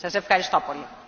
Σας ευχαριστώ πολύ.